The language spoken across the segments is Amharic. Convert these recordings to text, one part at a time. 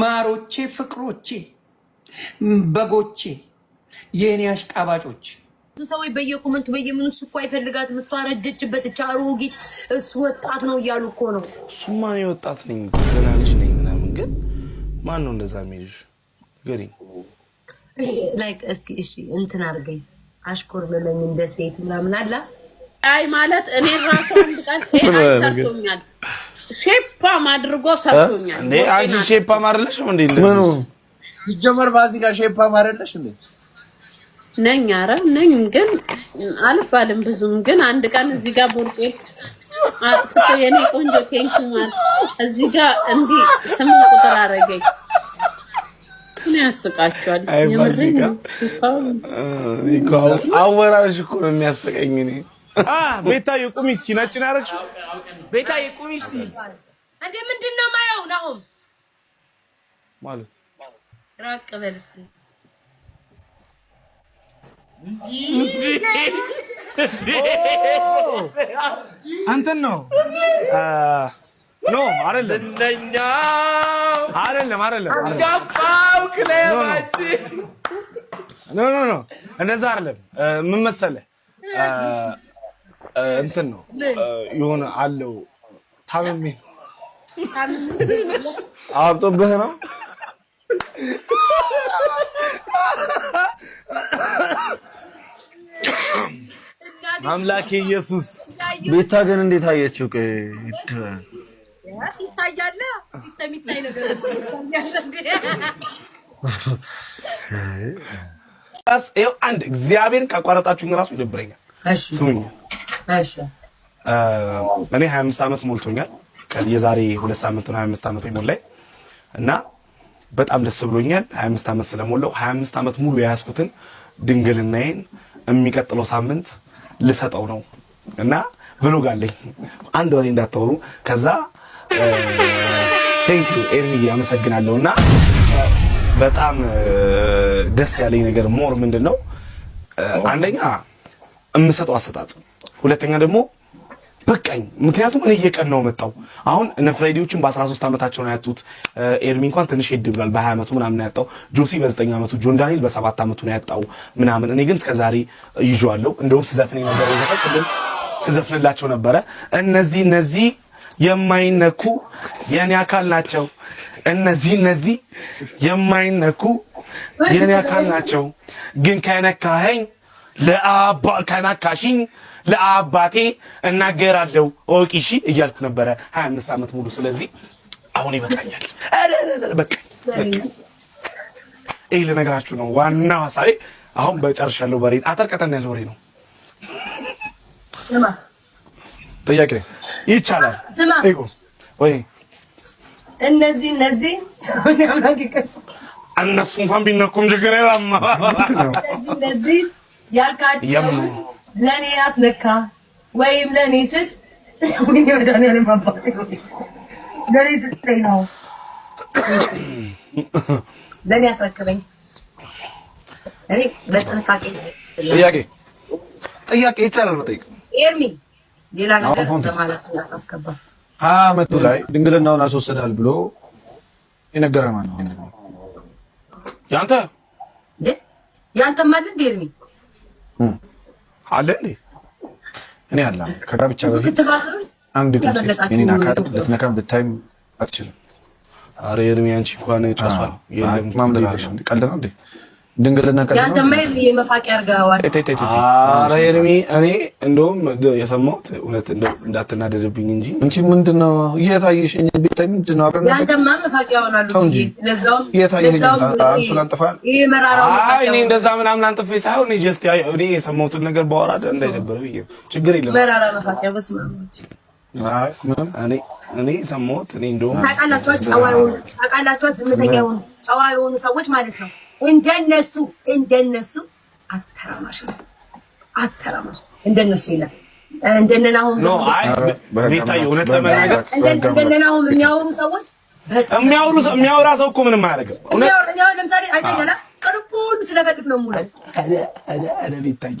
ማሮቼ፣ ፍቅሮቼ፣ በጎቼ፣ የእኔ አሽቃባጮች ሰዎች በየኮመንቱ በየምኑ እሱ እኮ አይፈልጋትም፣ እሱ አረጀችበት፣ እቻ አሮጊት፣ እሱ ወጣት ነው እያሉ እኮ ነው። እሱማ እኔ ወጣት ነኝ ገና ልጅ ነኝ ምናምን፣ ግን ማን ነው እንደዛ የሚልሽ? ገሪኝ ላይክ እስኪ እሺ እንትን አድርገኝ አሽኮር በለኝ እንደ ሴት ምናምን አላ አይ ማለት እኔ ራሱ አንድ ቃል አይ ሰርቶኛል ሼፓ አድርጎ ሰርቶኛል። አንቺ ሼፓ ማረለሽ እንዴ? ምኑ ይጀመር ባዚ ጋር ሼፓ እንዴ? ነኝ አረ ነኝ፣ ግን አልባልም ብዙም። ግን አንድ ቀን እዚህ ጋር ቦርጬ አጥፍቶ የኔ ቆንጆ ቴንክ ማር እዚህ ጋር እንዲህ ስም ቁጥር አረገኝ። ምን ያስቃችኋል? አወራርሽ እኮ ነው የሚያስቀኝ። እኔ ቤታዬ ቁሚ እስኪ ነጭ ነው ያደረግሽው ቤታ የቁም እስቲ እንደ ምንድን ነው የማየው? ናሆም ማለት ራቅ በል እንትን ነው ኖ አይደለም፣ አይደለም፣ አይደለም ገባው ክለባችን ኖ ኖ ኖ እንደዛ አይደለም። ምን መሰለህ እንትን ነው የሆነ አለው ታምሜ አብጦብህ ነው አምላኬ ኢየሱስ። ቤታ ግን እንዴት አየችው? ይታያል የሚታይ አንድ እግዚአብሔርን ካቋረጣችሁ ራሱ ይደብረኛል። እኔ ሀያ አምስት ዓመት ሞልቶኛል። የዛሬ ሁለት ሳምንት ነው ሀያ አምስት ዓመት እና በጣም ደስ ብሎኛል። ሀያ አምስት ዓመት ስለሞላው ሀያ አምስት ዓመት ሙሉ የያዝኩትን ድንግልናዬን የሚቀጥለው ሳምንት ልሰጠው ነው እና ብሎግ አለኝ። አንድ ወሬ እንዳታወሩ ከዛ ቴንክ ዩ ኤርሚ አመሰግናለሁ። እና በጣም ደስ ያለኝ ነገር ሞር ምንድን ነው አንደኛ የምሰጠው አሰጣጥ ሁለተኛ ደግሞ በቃኝ። ምክንያቱም እኔ እየቀን ነው መጣው። አሁን እነ ፍሬዲዎችን በ13 ዓመታቸው ነው ያጡት። ኤርሚ እንኳን ትንሽ ሄድ ብሏል፣ በ20 ዓመቱ ምናምን ያጣው። ጆሲ በ9 ዓመቱ፣ ጆን ዳንኤል በ7 ዓመቱ ነው ያጣው ምናምን። እኔ ግን እስከዛሬ ይዤዋለሁ። እንደውም ስዘፍን ነበር ይዘፈቅልን ስዘፍንላቸው ነበረ። እነዚህ እነዚህ የማይነኩ የኔ አካል ናቸው። እነዚህ እነዚህ የማይነኩ የኔ አካል ናቸው። ግን ከነካኸኝ ለአባ ከናካሽኝ ለአባቴ እናገራለሁ ኦቂ እሺ እያልኩ ነበረ 25 አምስት ዓመት ሙሉ። ስለዚህ አሁን ይበቃኛል። በቃ ይህ ልነግራችሁ ነው ዋናው ሀሳቤ። አሁን በጨርሻለሁ። በሬ አጠር ቀጠን ያለ ወሬ ነው። ስማ ጥያቄ ይቻላል። ስማ ወይ እነዚህ እነዚህ እነሱ እንኳን ቢነኩም ችግር የለም። ያልካቸውን ለእኔ ያስነካ ወይም ለእኔ ስጥ ነው ለእኔ እኔ በጥንቃቄ ጥያቄ ጥያቄ ይቻላል መጠየቅ ኤርሚ ሌላ ነገር አስገባ ሀያ አመቱ ላይ ድንግልናውን አስወስዳል ብሎ የነገረ ያንተ ያንተ ማለት ኤርሚ አለ እኔ አለ ከጋብቻ በፊት አንድ እኔን አካል ልትነካ ብታይም አትችልም። አረ የእድሜ አንቺ እንኳን ጫሷል። ቀልድ ነው እንዴ? ድንግልና ቀርቶ የመፋቂያ አርጋዋል። ኤርሚ እኔ እንደውም የሰማሁት እውነት እንዳትናደድብኝ እንጂ እንቺ ምንድነው እየታየሽኝ? ቤታ ምንድነው እንጂ ለዛው መራራው አይ እኔ እንደዛ ምናምን አንጥፌ ሳይሆን ጀስት እኔ የሰማሁትን ነገር ባወራ እንዳይደበር ችግር የለም። መራራ መፋቂያ አይ እኔ እኔ እኔ እንደውም ታውቃላችሁ፣ ጨዋ የሆኑ ሰዎች ማለት ነው እንደነሱ እንደነሱ አተራማሽ አተራማሽ እንደነሱ ይላል። እንደነናሁም እንደነናሁም የሚያወሩ ሰዎች የሚያወሩ የሚያወራ ሰው እኮ ምንም አያደርግም። ለምሳሌ አይተኛላ ቀን ሁሉ ስለፈልግ ነው ቤታዬ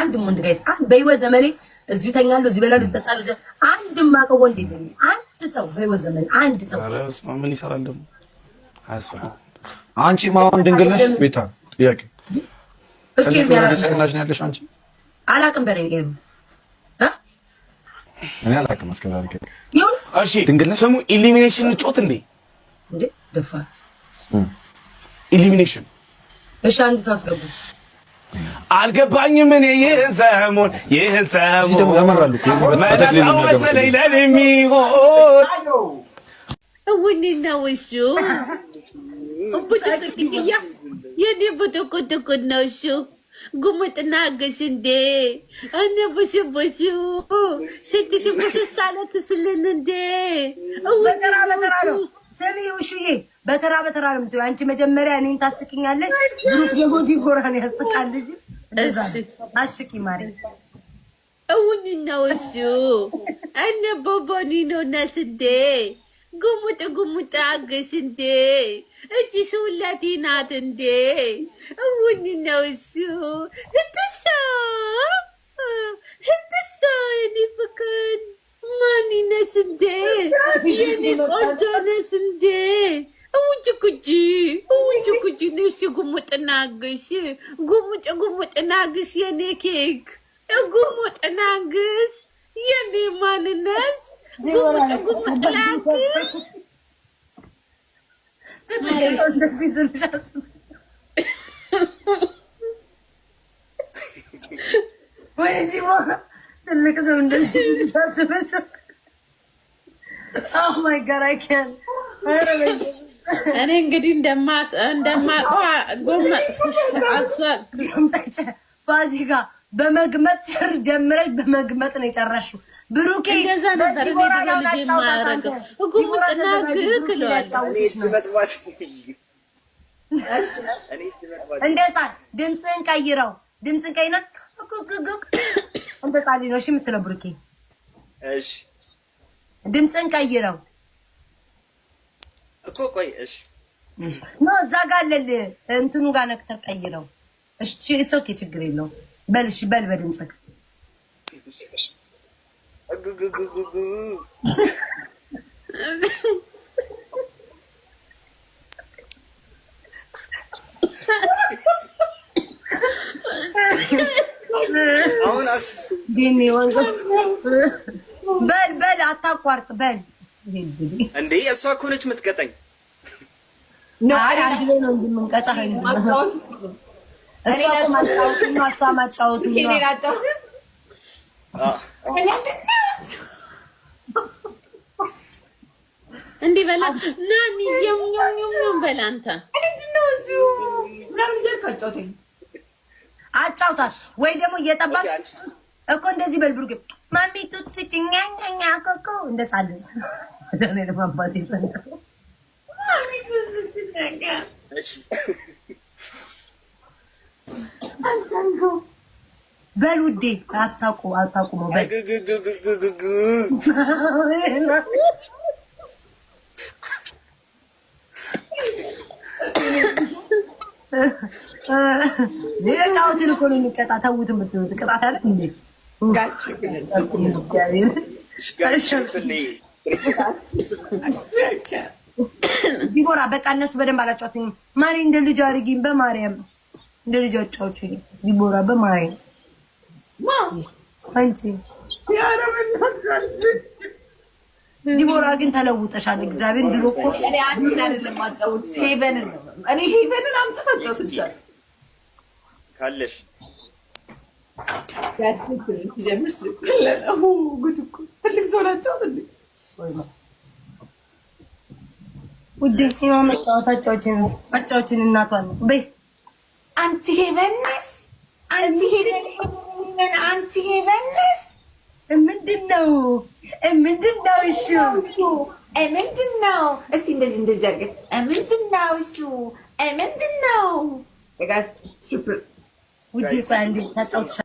አንድም ወንድ ጋይስ በህይወት ዘመኔ እዚሁ ተኛለሁ፣ እዚህ በላሉ፣ እዚህ አንድም አውቀው ወንድ የለኝም። አንድ ሰው በህይወት ዘመኔ አንድ ሰው ምን ይሰራል ደግሞ? አንቺ ማሁን ድንግል ነሽ? ቤታ ጥያቄ እስኪ የሚያላሽ ያለሽ አንቺ አላቅም በላይ ገይሩ እኔ አላቅም እስከዛሬ የእውነት እሺ፣ ድንግል ነሽ? ስሙ ኢሊሚኔሽን ጮት እንዴ እንዴ ደፋ ኢሊሚኔሽን። እሺ አንድ ሰው አስገቡሽ አልገባኝም እኔ ይህን ሰሞን ይህን ሰሞን መጣው መሰለኝ ለኔ የሚሆን እውኔና ውሹ ቡጥቅጥቅያ የኔ ነው ሹ ጉምጥና እንዴ እኔ ቡሽቡሹ ስትሽቡሽ ሳለት ስልን እንዴ እውኔ ስሚ ውሹዬ፣ በተራ በተራ ነው የምትይው አንቺ። መጀመሪያ እኔን ታስቅኛለሽ፣ ብሩክ የሆድ ይጎራን ያስቃልሽ። አስቂ ማሪ እውን ነው እሱ እነ ቦቦኒ ነው ነስንዴ ጉሙጥ ጉሙጥ አገስ እንዴ እቺ ሱላቲ ናት እንዴ እውን ነው እሱ ህትሶ ህትሶ የኔ ፍቅር አለስንዴ የኔ ቆንጆ አለስንዴ ውጭ ጉጂ ውጭ ጉጂ ንሽ ጉሙጥናግሽ ጉሙጭ ጉሙጥናግሽ የኔ ኬክ ጉሙጥናግሽ የኔ ማንነት ጉሙጭ ጉሙጥናግሽ ወይ ትልቅ ሰው እንደዚህ Oh እኔ እንግዲህ እንደማውቀው ጎመጥኩሽ። ባዚህ ጋር በመግመጥ ጭር ጀምረሽ በመግመጥ ነው የጨረሽው። ብሩኬ እንደዛ ነበር ማረገው ጉምጥና ግክ እንደዛ ቀይረው፣ ነው እሺ የምትለው ብሩኬ እሺ ድምፅን ቀይረው እኮ ቆይ፣ እሺ ኖ እዛ ጋ አለል እንትኑ ጋር ነክተ ቀይረው። እሺ ኦኬ፣ ችግር የለውም። በል እሺ፣ በል በድምፅህ አሁን በል በል አታቋርጥ። በል እንዴ እሷ እኮ ነች የምትቀጣኝ። አንድ ላይ ነው እንጂ የምንቀጣህ እሷ እኮ ነው። እሷ ማጫወቱ እንዲህ በላ ና የሚየሚየሚየም በላ አንተ ምንድነው እዚሁ ምናምን እያልክ አጫውተኝ አጫውታል ወይ ደግሞ እየጠባክ እኮ እንደዚህ በል ብሩኬ፣ ማሚ ጡት ስጭኝ ኛኛ ኮኮ እንደጻለች ዳንኤል ማባቴ ሰንተ በል ውዴ፣ አታቁ አታቁመው በል ጫወትን እኮ ነው የሚቀጣ ተውት፣ የምትሉት አለ እንዴ? ዲቦራ በቃ እነሱ በደንብ አላጫወተኝም። ማሪ እንደ ልጅ አድርጊኝ፣ በማርያም እንደ ልጅ አጫውችኝ። ዲቦራ በማርያም አንቺ ዲቦራ ግን ተለውጠሻል። እግዚአብሔር ድሮ እኮ ሄቨንን ነው እኔ ሄቨንን አምጥታ ካለሽ ሲጀምር ጉድ እኮ ትልቅ ሰው ናቸው። ትልቅ ውዴ ሲማ መጫወታጫዎችን መጫወችን እናቷን በይ አንቺ ሄቨንስ አንቺ ሄቨን አንቺ ሄቨንስ ምንድን ነው ምንድን ነው እሱ ምንድን ነው? እስቲ እንደዚህ እንደዚህ አድርገን ምንድን ነው እሱ ምንድን ነው? ውዴ አንዴ ታጫውትሻ